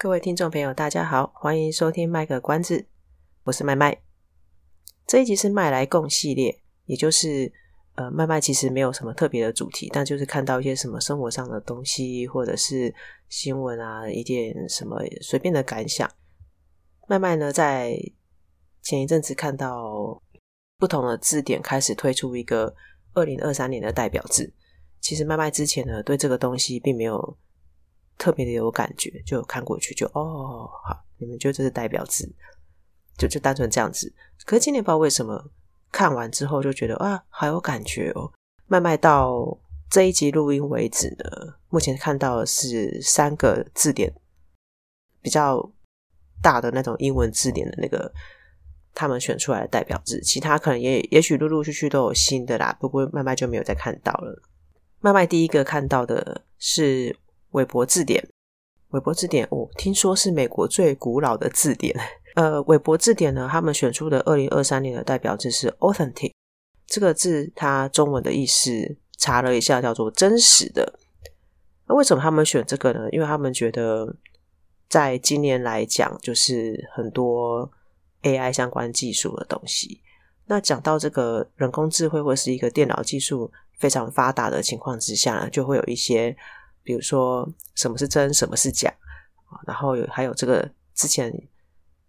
各位聽眾朋友，大家好，歡迎收聽《麥個關子》，我是麥麥。這一集是《麥來講》系列，也就是呃，麥麥其實沒有什麼特別的主題，但就是看到一些什麼生活上的東西，或者是新聞啊，一點什麼隨便的感想。麥麥呢，在前一陣子看到不同的字典開始推出一個二零二三年的代表字，其實麥麥之前呢對這個東西並沒有。特別的有感覺，就看過去就哦，好，你們就這是代表字，就就單純這樣子。可是今年不知道為什麼看完之後就覺得啊，好有感覺哦。麥麥到這一集錄音為止呢，目前看到的是三個字典比較大的那種英文字典的那個他們選出來的代表字，其他可能也也許陸陸續續都有新的啦。不過麥麥就沒有再看到了。麥麥第一個看到的是，韋博字典，韋伯字典我、哦、聽說是美國最古老的字典。呃，韋伯字典呢，他們選出的二零二三年的代表字是 “authentic” 這個字，它中文的意思查了一下叫做“真實的”。那為什麼他們選這個呢？因為他們覺得，在今年來講，就是很多 AI 相關技術的東西。那講到這個人工智慧或是一個電腦技術非常發達的情況之下呢，就會有一些。比如說什麼是真，什麼是假？然後有還有這個之前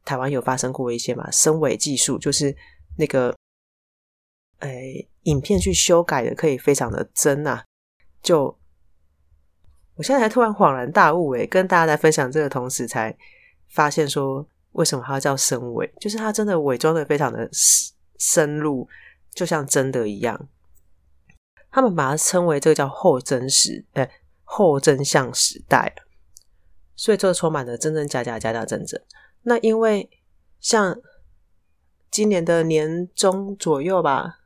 台灣有發生過一些嘛，深偽技術就是那個，哎，影片去修改的可以非常的真啊！就我現在才突然恍然大悟，哎，跟大家來分享這個同時，才發現說為什麼它叫深偽，就是它真的偽裝的非常的深入，就像真的一樣。他們把它稱為這個叫後真實，哎。後真相時代，所以就充滿了真真假假，假假真真。那因為像今年的年中左右吧，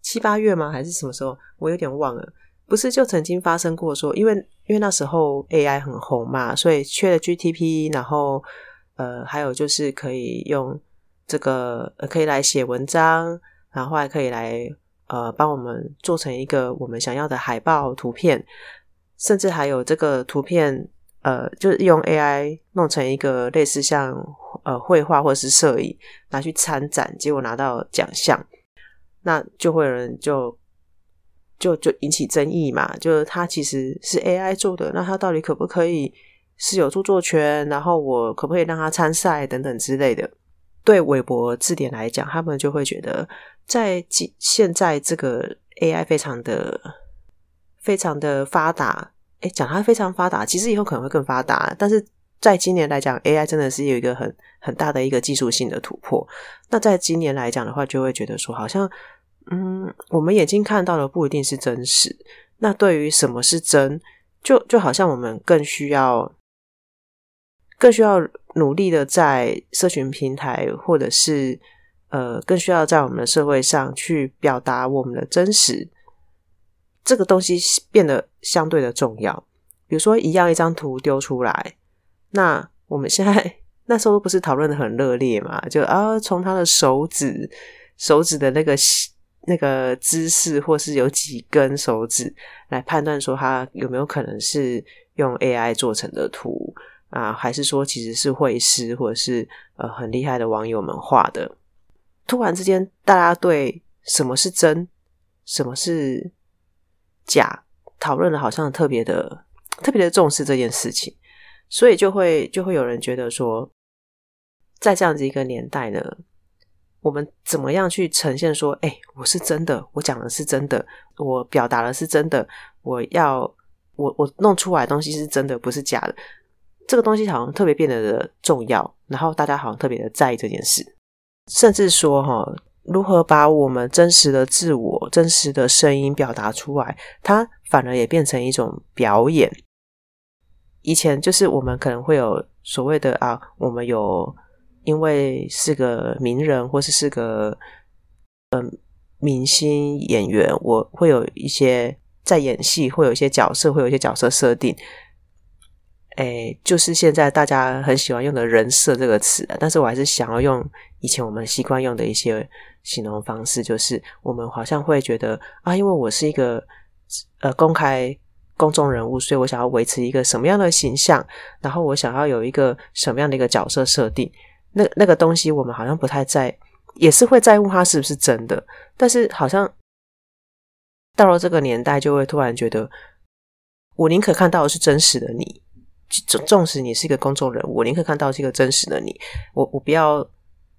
七八月嗎？還是什麼時候？我有點忘了。不是就曾經發生過說，因為因為那時候 AI 很紅嘛，所以缺了 GTP，然後呃，還有就是可以用這個可以來寫文章，然後還可以來呃幫我們做成一個我們想要的海報圖片。甚至還有這個圖片，呃，就是用 AI 弄成一個類似像呃繪畫或是攝影，拿去參展，結果拿到獎項，那就會有人就就就引起爭議嘛。就是他其實是 AI 做的，那他到底可不可以是有著作權？然後我可不可以讓他參賽等等之類的？對韋伯字典來講，他們就會覺得在現在這個 AI 非常的非常的發達。誒，講它非常發達，其實以後可能會更發達。但是在今年來講，AI 真的是有一個很很大的一個技術性的突破。那在今年來講的話，就會覺得說，好像，嗯，我們眼睛看到的不一定是真實。那對於什麼是真，就就好像我們更需要，更需要努力的在社群平台，或者是呃，更需要在我們的社會上去表達我們的真實。這個東西變得相對的重要，比如說一樣一張圖丟出來，那我們現在那時候不是討論得很熱烈嘛？就啊，從他的手指手指的那個那個姿勢，或是有幾根手指來判斷說他有沒有可能是用 AI 做成的圖啊，還是說其實是繪師或者是呃很厲害的網友們畫的？突然之間，大家對什麼是真，什麼是？假討論的，好像特別的、特別的重視這件事情，所以就會就會有人覺得說，在這樣子一個年代呢，我們怎麼樣去呈現說，哎、欸，我是真的，我講的是真的，我表達的是真的，我要我我弄出來的東西是真的，不是假的。這個東西好像特別變得的重要，然後大家好像特別的在意這件事，甚至說哈。如何把我們真實的自我、真實的聲音表達出來？它反而也變成一種表演。以前就是我們可能會有所謂的啊，我們有因為是個名人或是是個嗯、呃、明星演員，我會有一些在演戲，會有一些角色，會有一些角色設定。哎，就是現在大家很喜歡用的人設這個詞，啊，但是我還是想要用以前我們習慣用的一些。形容方式就是，我們好像會覺得啊，因為我是一個呃公開公眾人物，所以我想要維持一個什麼樣的形象，然後我想要有一個什麼樣的一個角色設定。那那個東西，我們好像不太在，也是會在乎它是不是真的。但是好像到了這個年代，就會突然覺得，我寧可看到的是真實的你，縱縱使你是一個公眾人物，我寧可看到的是一個真實的你。我我不要，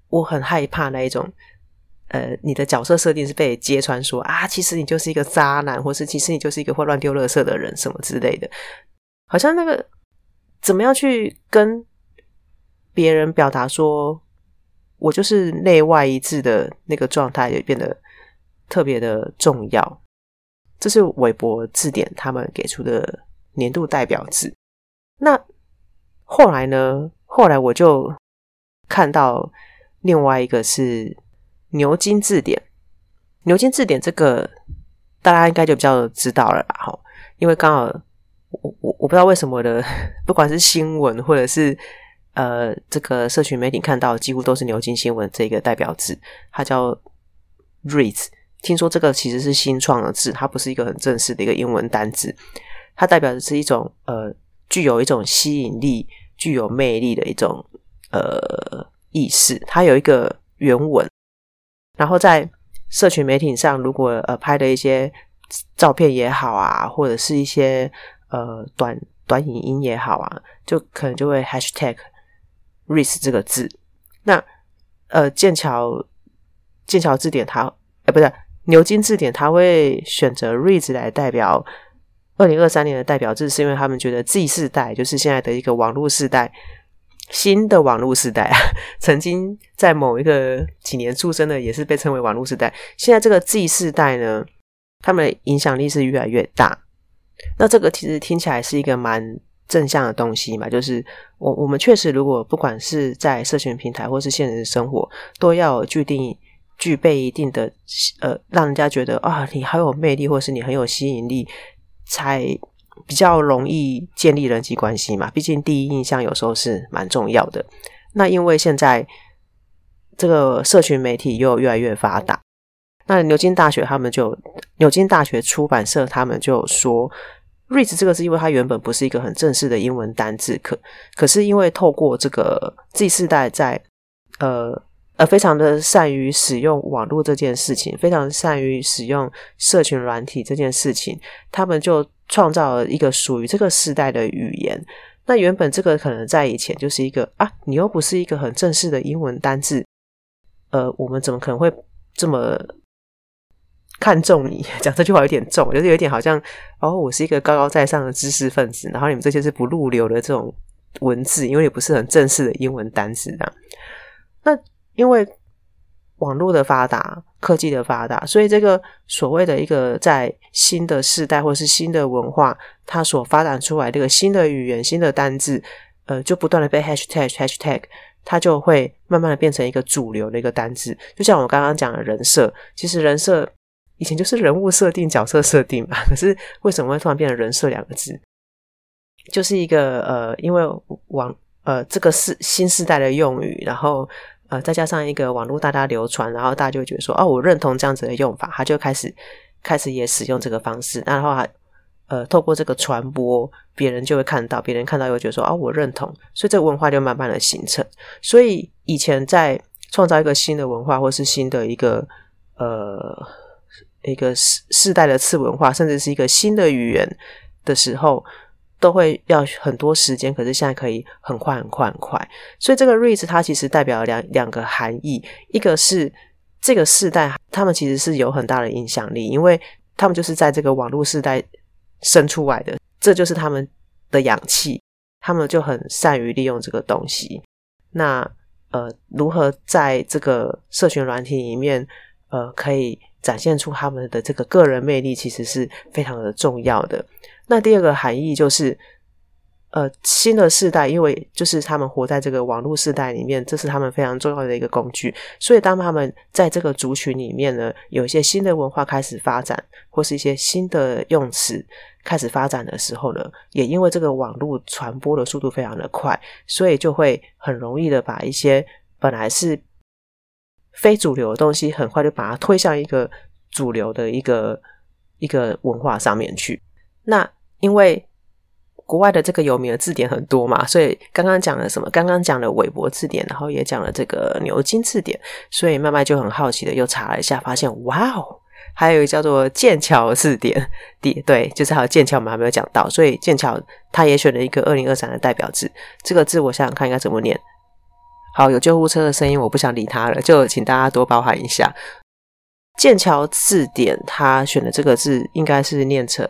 我很害怕那一種。呃，你的角色設定是被揭穿說，說啊，其實你就是一個渣男，或是其實你就是一個會亂丟垃圾的人，什麼之類的。好像那個怎麼樣去跟別人表達，說我就是內外一致的那個狀態，也變得特別的重要。這是韋伯字典他們給出的年度代表字。那後來呢？後來我就看到另外一個是，牛津字典，牛津字典這個大家應該就比較知道了吧？齁，因為剛好我我我不知道為什麼的，不管是新聞或者是呃這個社群媒體看到的幾乎都是牛津新聞這個代表字，它叫 rizz。聽說這個其實是新創的字，它不是一個很正式的一個英文單字，它代表的是一種呃具有一種吸引力、具有魅力的一種呃意思。它有一個原文。然後在社群媒體上，如果呃拍的一些照片也好啊，或者是一些呃短短影音也好啊，就可能就會 hashtag rizz 這個字。那呃，劍橋劍橋字典它哎，不是牛津字典，它會選擇 rizz 來代表二零二三年的代表字，是因為他們覺得 Z 世代就是現在的一個網絡世代。新的網絡時代啊，曾經在某一個幾年出生的也是被稱為網絡時代。現在這個 G 世代呢，他們的影響力是越來越大。那這個其實聽起來是一個蠻正向的東西嘛，就是我我們確實如果不管是在社群平台或是現實生活，都要具定具備一定的呃，讓人家覺得啊，你好有魅力或是你很有吸引力才。比較容易建立人際關係嘛，畢竟第一印象有時候是蠻重要的。那因為現在這個社群媒體又越來越發達，那牛津大學他們就，牛津大學出版社他們就說，rizz 這個是因為它原本不是一個很正式的英文單字可，可可是因為透過這個 Z 世代在呃呃非常的善於使用網絡這件事情，非常善於使用社群軟體這件事情，他們就。創造了一個屬於這個時代的語言。那原本這個可能在以前就是一個啊，你又不是一個很正式的英文單字，呃，我們怎麼可能會這麼看重你？講這句話有點重，就是有點好像哦，我是一個高高在上的知識分子，然後你們這些是不入流的這種文字，因為也不是很正式的英文單字啊。那因為。網絡的發達，科技的發達，所以這個所謂的一個在新的時代或者是新的文化，它所發展出來這個新的語言、新的單字，呃，就不斷的被 hashtag hashtag，它就會慢慢的變成一個主流的一個單字。就像我剛剛講的人設，其實人設以前就是人物設定、角色設定嘛，可是為什麼會突然變成人設兩個字？就是一個呃，因為網呃這個是新時代的用語，然後。呃，再加上一個網絡，大家流傳，然後大家就覺得說，哦，我認同這樣子的用法，他就開始開始也使用這個方式。那然後，呃，透過這個傳播，別人就會看到，別人看到又覺得說，哦，我認同，所以這個文化就慢慢的形成。所以，以前在創造一個新的文化，或是新的一個呃一個世世代的次文化，甚至是一個新的語言的時候，都會要很多時間，可是現在可以很快、很快、很快。所以這個 reach 它其實代表了兩兩個含義，一個是這個世代他們其實是有很大的影響力，因為他們就是在這個網絡世代生出來的，這就是他們的氧氣，他們就很善於利用這個東西。那呃，如何在這個社群軟體裡面呃可以展現出他們的這個個人魅力，其實是非常的重要的。那第二個含義就是，呃，新的世代，因為就是他們活在這個網絡世代裡面，這是他們非常重要的一個工具。所以，當他們在這個族群裡面呢，有一些新的文化開始發展，或是一些新的用詞開始發展的時候呢，也因為這個網絡傳播的速度非常的快，所以就會很容易的把一些本來是非主流的東西，很快就把它推向一個主流的一個一個文化上面去。那因為國外的這個有名的字典很多嘛，所以剛剛講了什麼？剛剛講了韋伯字典，然後也講了這個牛津字典，所以慢慢就很好奇的又查了一下，發現哇哦，還有一個叫做劍橋字典。對。對，就是還有劍橋我們還沒有講到，所以劍橋他也選了一個二零二三的代表字。這個字我想想看應該怎麼念。好，有救護車的聲音，我不想理他了，就請大家多包涵一下。劍橋字典他選的這個字應該是念成。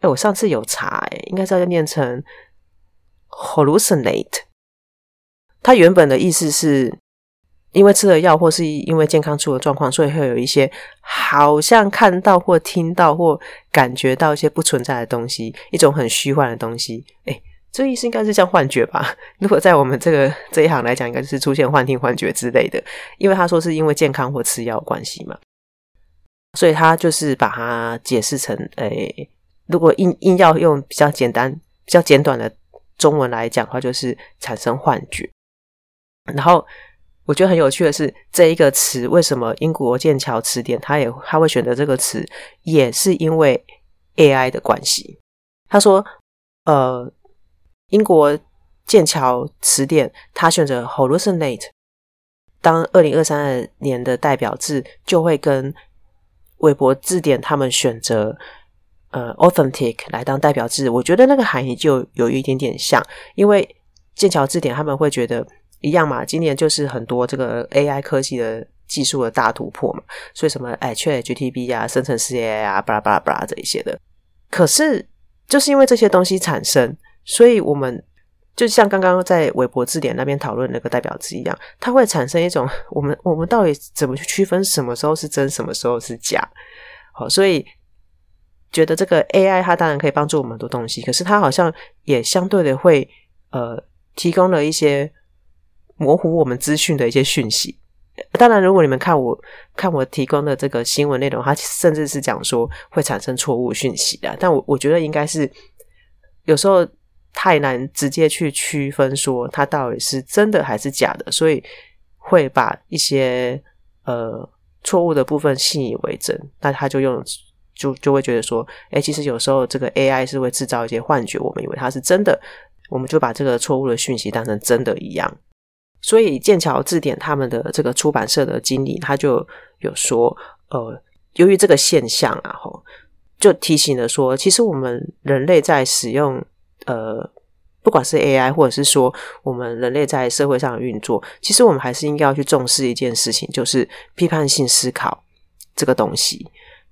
哎，我上次有查，哎，應該是要念成 hallucinate。它原本的意思是，因為吃了藥或是因為健康出了狀況，所以會有一些好像看到或聽到或感覺到一些不存在的東西，一種很虛幻的東西。哎，這個意思應該是像幻覺吧？如果在我們這個這一行來講，應該是出現幻聽、幻覺之類的。因為他說是因為健康或吃藥關係嘛，所以他就是把它解釋成哎。誒如果硬硬要用比較簡單、比較簡短的中文來講的話，就是產生幻覺。然後我覺得很有趣的是，這一個詞為什麼英國劍橋詞典它也它會選擇這個詞，也是因為 AI 的關係。他說：“呃，英國劍橋詞典它選擇 hallucinate 當二零二三年的代表字，就會跟韋伯字典他們選擇。”呃、嗯、，authentic 來當代表字，我覺得那個含義就有，有一點點像，因為劍橋字典他們會覺得一樣嘛。今年就是很多這個 AI 科技的技術的大突破嘛，所以什麼 ChatGPT 啊，生成式 AI 啊，巴拉巴拉巴拉這一些的。可是就是因為這些東西產生，所以我們就像剛剛在韋伯字典那邊討論那個代表字一樣，它會產生一種我們我們到底怎麼去區分什麼時候是真，什麼時候是假？好，所以。覺得這個 AI 它當然可以幫助我們很多東西，可是它好像也相對的會呃提供了一些模糊我們資訊的一些訊息。當然，如果你們看我看我提供的這個新聞內容，它甚至是講說會產生錯誤訊息的。但我我覺得應該是有時候太難直接去區分說它到底是真的還是假的，所以會把一些呃錯誤的部分信以為真，那他就用。就就會覺得說，哎、欸，其實有時候這個 AI 是會製造一些幻覺，我們以為它是真的，我們就把這個錯誤的訊息當成真的一樣。所以劍橋字典他們的這個出版社的經理他就有說，呃，由於這個現象啊，吼，就提醒了說，其實我們人類在使用呃，不管是 AI 或者是說我們人類在社會上的運作，其實我們還是應該要去重視一件事情，就是批判性思考這個東西。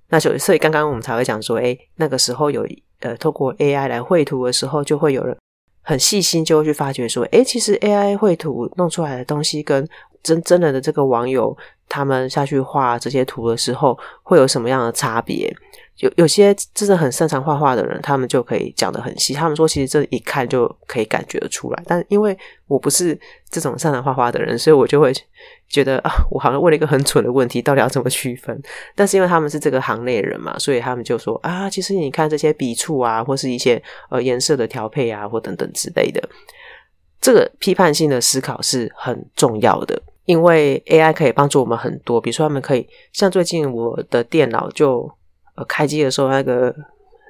那就所以，剛剛我們才會講說，哎，那個時候有呃，透過 AI 來繪圖的時候，就會有人很細心，就會去發覺說，哎，其實 AI 繪圖弄出來的東西，跟真真人的這個網友他們下去畫這些圖的時候，會有什麼樣的差別？有有些真的很擅長畫畫的人，他們就可以講得很細。他們說，其實這一看就可以感覺得出來。但因為我不是這種擅長畫畫的人，所以我就會覺得啊，我好像問了一個很蠢的問題，到底要怎麼區分？但是因為他們是這個行內人嘛，所以他們就說啊，其實你看這些筆觸啊，或是一些呃顏色的調配啊，或等等之類的，這個批判性的思考是很重要的。因為 AI 可以幫助我們很多，比如說他們可以像最近我的電腦就。開機的時候、那個，那個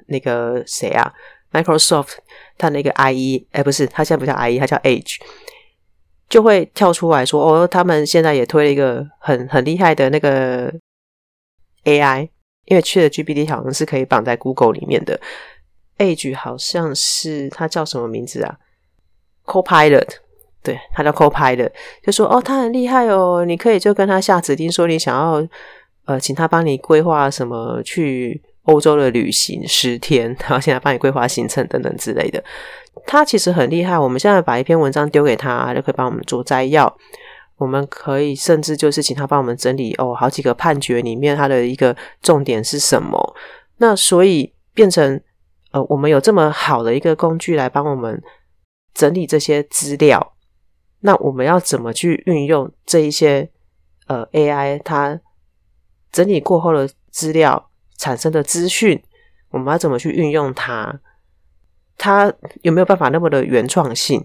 那個誰啊，Microsoft，它那個 IE，哎、欸，不是，它現在不叫 IE，它叫 Edge。就會跳出來說，哦，他們現在也推了一個很很厲害的那個 AI，因為 ChatGPT GPT 好像是可以綁在 Google 裡面的 Edge 好像是它叫什麼名字啊，Copilot，對，它叫 Copilot，就說哦，它很厲害哦，你可以就跟他下指令，說你想要。呃，請他幫你規劃什麼去歐洲的旅行十天，然後現在幫你規劃行程等等之類的。他其實很厲害，我們現在把一篇文章丟給他，他就可以幫我們做摘要。我們可以甚至就是請他幫我們整理哦，好幾個判決裡面他的一個重點是什麼？那所以變成呃，我們有這麼好的一個工具來幫我們整理這些資料。那我們要怎麼去運用這一些呃 AI？它整理過後的資料產生的資訊，我們要怎麼去運用它？它有沒有辦法那麼的原創性？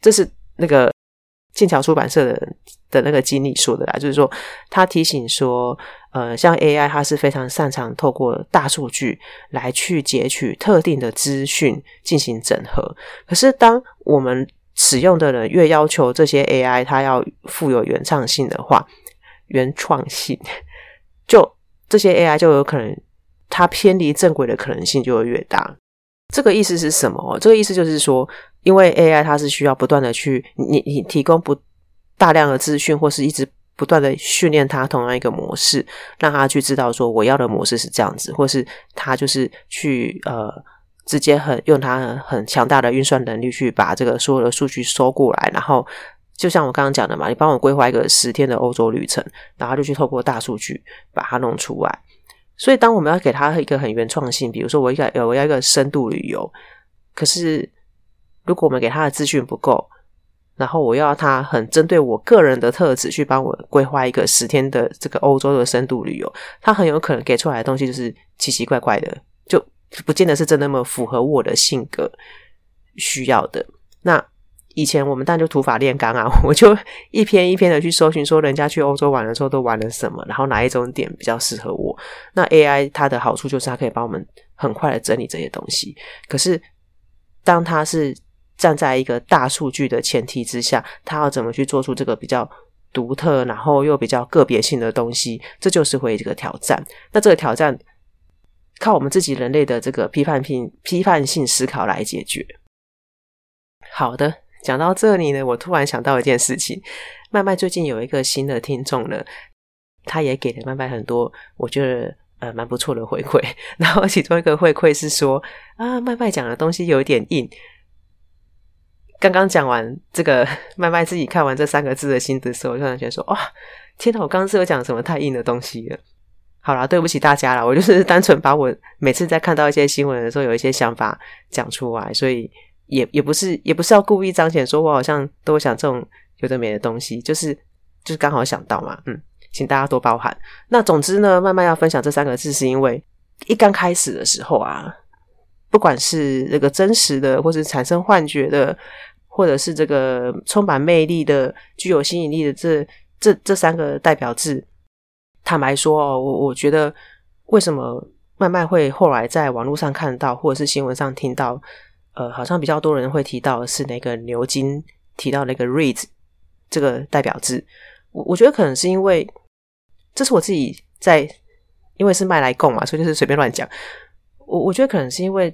這是那個劍橋出版社的的那個經理說的啦，就是說他提醒說，呃，像 AI，它是非常擅長透過大數據來去擷取特定的資訊進行整合。可是，當我們使用的人越要求這些 AI 它要富有原創性的話，原創性。就這些 AI 就有可能，它偏離正軌的可能性就會越大。這個意思是什麼？這個意思就是說，因為 AI 它是需要不斷的去，你你提供不大量的資訊，或是一直不斷的訓練它同樣一個模式，讓它去知道說我要的模式是這樣子，或是它就是去呃直接很用它很很強大的運算能力去把這個所有的數據收過來，然後。就像我剛剛講的嘛，你幫我規劃一個十天的歐洲旅程，然後就去透過大數據把它弄出來。所以，當我們要給他一個很原創性，比如說我要我要一個深度旅遊，可是如果我們給他的資訊不夠，然後我要他很針對我個人的特質去幫我規劃一個十天的這個歐洲的深度旅遊，他很有可能給出來的東西就是奇奇怪怪的，就不見得是真的那麼符合我的性格需要的。那。以前我們當然就土法煉鋼啊，我就一篇一篇的去搜尋，說人家去歐洲玩的時候都玩了什麼，然後哪一種點比較適合我。那 AI 它的好處就是它可以幫我們很快的整理這些東西。可是當它是站在一個大數據的前提之下，它要怎麼去做出這個比較獨特，然後又比較個別性的東西，這就是會這個挑戰。那這個挑戰靠我們自己人類的這個批判性批判性思考來解決。好的。講到這裡呢，我突然想到一件事情。麥麥最近有一個新的聽眾呢，他也給了麥麥很多，我覺得呃蠻不錯的回饋。然後其中一個回饋是說啊，麥麥講的東西有點硬。剛剛講完這個，麥麥自己看完這三個字的心得時候，突然覺得說：“哇，天哪！我剛剛是有講什麼太硬的東西了。”好啦，對不起大家了，我就是單純把我每次在看到一些新聞的時候有一些想法講出來，所以。也也不是，也不是要故意彰顯說，我好像都想這種有的沒的東西，就是就是剛好想到嘛，嗯，請大家多包涵。那總之呢，慢慢要分享這三個字，是因為一剛開始的時候啊，不管是這個真實的，或是產生幻覺的，或者是這個充滿魅力的、具有吸引力的這這這三個代表字，坦白說哦，我我覺得為什麼慢慢會後來在網絡上看到，或者是新聞上聽到。呃，好像比較多人會提到的是那個牛津提到那個 rizz 這個代表字，我我覺得可能是因為這是我自己在因為是麥來講嘛，所以就是隨便亂講。我我覺得可能是因為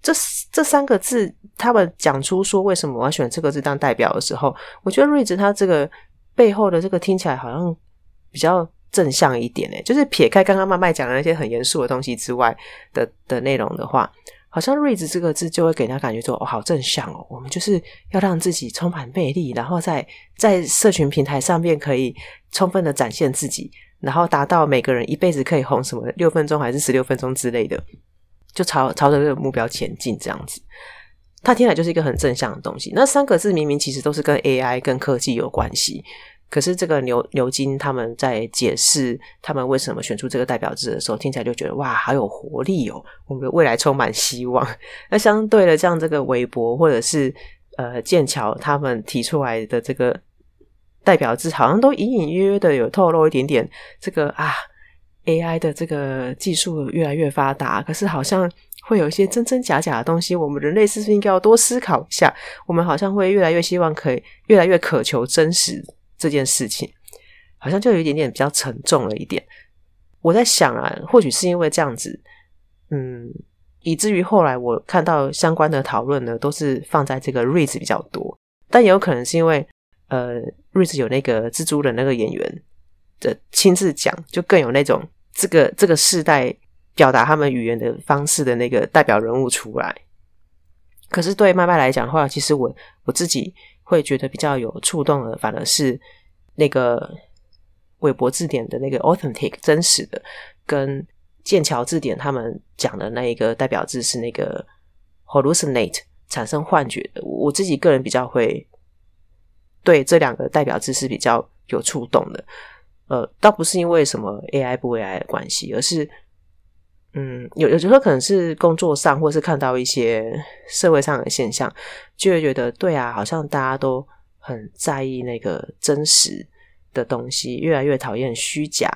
這這三個字，他們講出說為什麼我要選這個字當代表的時候，我覺得 rizz 它這個背後的這個聽起來好像比較正向一點呢，就是撇開剛剛麥麥講的那些很嚴肅的東西之外的的內容的話。好像 rizz 這個字就會給他感覺說：“哦，好正向哦，我們就是要讓自己充滿魅力，然後在在社群平台上面可以充分的展現自己，然後達到每個人一輩子可以紅什麼六分鐘還是十六分鐘之類的，就朝朝着這個目標前進這樣子。”他聽來就是一個很正向的東西。那三個字明明其實都是跟 AI 跟科技有關係。可是這個牛牛津，他們在解釋他們為什麼選出這個代表字的時候，聽起來就覺得哇，好有活力哦，我們的未來充滿希望。那相對的，像這個韋伯或者是呃劍橋他們提出來的這個代表字，好像都隱隱約約的有透露一點點這個啊 AI 的這個技術越來越發達。可是好像會有一些真真假假的東西，我們人類是不是應該要多思考一下？我們好像會越來越希望，可以越來越渴求真實。這件事情好像就有一點點比較沉重了一點。我在想啊，或許是因為這樣子，嗯，以至於後來我看到相關的討論呢，都是放在這個《r 子 s 比較多。但也有可能是因為呃，《r 子 s 有那個蜘蛛的那個演員的、呃、親自講，就更有那種這個這個世代表達他們語言的方式的那個代表人物出來。可是對麥麥來講的話，其實我我自己。會覺得比較有觸動的，反而是那個韋伯字典的那個 authentic 真實的，跟劍橋字典他們講的那一個代表字是那個 hallucinate 產生幻覺的。我自己個人比較會對這兩個代表字是比較有觸動的，呃，倒不是因為什麼 AI 不 AI 的關係，而是。嗯，有有時候可能是工作上，或是看到一些社會上的現象，就會覺得對啊，好像大家都很在意那個真實的東西，越來越討厭虛假。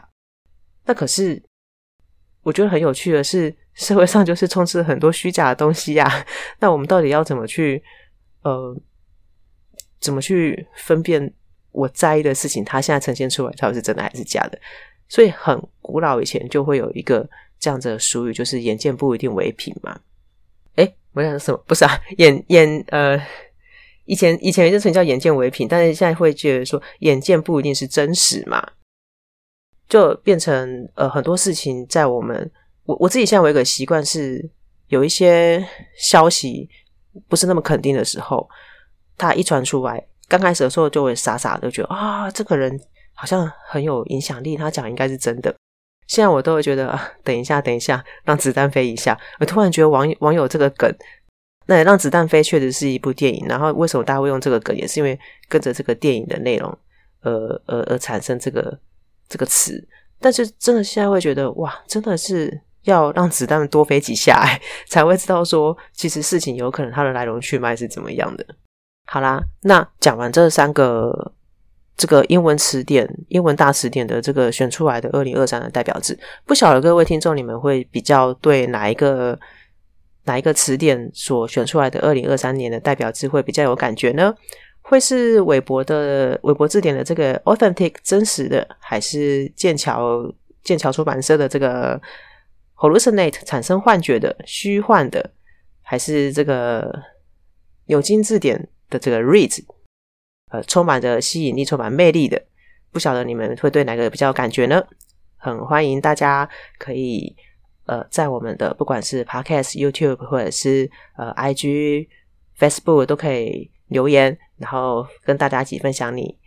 那可是我覺得很有趣的是，社會上就是充斥很多虛假的東西呀、啊。那我們到底要怎麼去呃，怎麼去分辨我在意的事情，它現在呈現出來到底是真的還是假的？所以很古老以前就會有一個。這樣子俗語就是“眼見不一定為憑”嘛。誒、欸，我想說什麼？不是啊，眼眼呃，以前以前一直稱叫“眼見為憑”，但是現在會覺得說“眼見不一定是真實”嘛，就變成呃很多事情在我們我我自己現在有一個習慣是，有一些消息不是那麼肯定的時候，他一傳出來，剛開始的時候就會傻傻的覺得啊，這個人好像很有影響力，他講應該是真的。現在我都會覺得，啊，等一下，等一下，讓子彈飛一下。我突然覺得網友網友這個梗，那也讓子彈飛確實是一部電影。然後為什麼大家會用這個梗，也是因為跟着這個電影的內容而，呃呃而產生這個這個詞。但是真的現在會覺得，哇，真的是要讓子彈多飛幾下，哎，才會知道說其實事情有可能它的來龍去脈是怎麼樣的。好啦，那講完這三個。這個英文詞典、英文大詞典的這個選出來的二零二三的代表字，不曉得各位聽眾你們會比較對哪一個哪一個詞典所選出來的二零二三年的代表字會比較有感覺呢？會是韋伯的韋伯字典的這個 authentic 真實的，還是劍橋劍橋出版社的這個 hallucinate 產生幻覺的虛幻的，還是這個牛津字典的這個 read？呃，充滿着吸引力，充滿魅力的，不曉得你們會對哪個比較有感覺呢？很歡迎大家可以呃，在我們的不管是 Podcast、YouTube，或者是呃 IG、Facebook 都可以留言，然後跟大家一起分享你、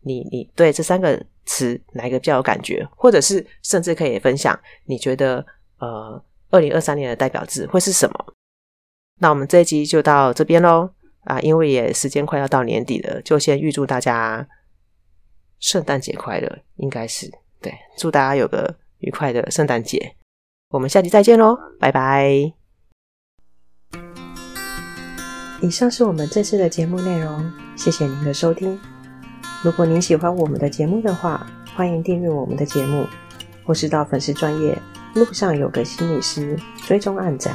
你、你對這三個詞哪一個比較有感覺，或者是甚至可以分享你覺得呃，二零二三年的代表字會是什麼？那我們這一集就到這邊嘍。啊，因為也時間快要到年底了，就先預祝大家聖誕節快樂，應該是對，祝大家有個愉快的聖誕節。我們下期再見嘍，拜拜。以上是我們這次的節目內容，謝謝您的收聽。如果您喜歡我們的節目的話，歡迎訂閱我們的節目，或是到粉絲專頁路上有個心理師追蹤按讚。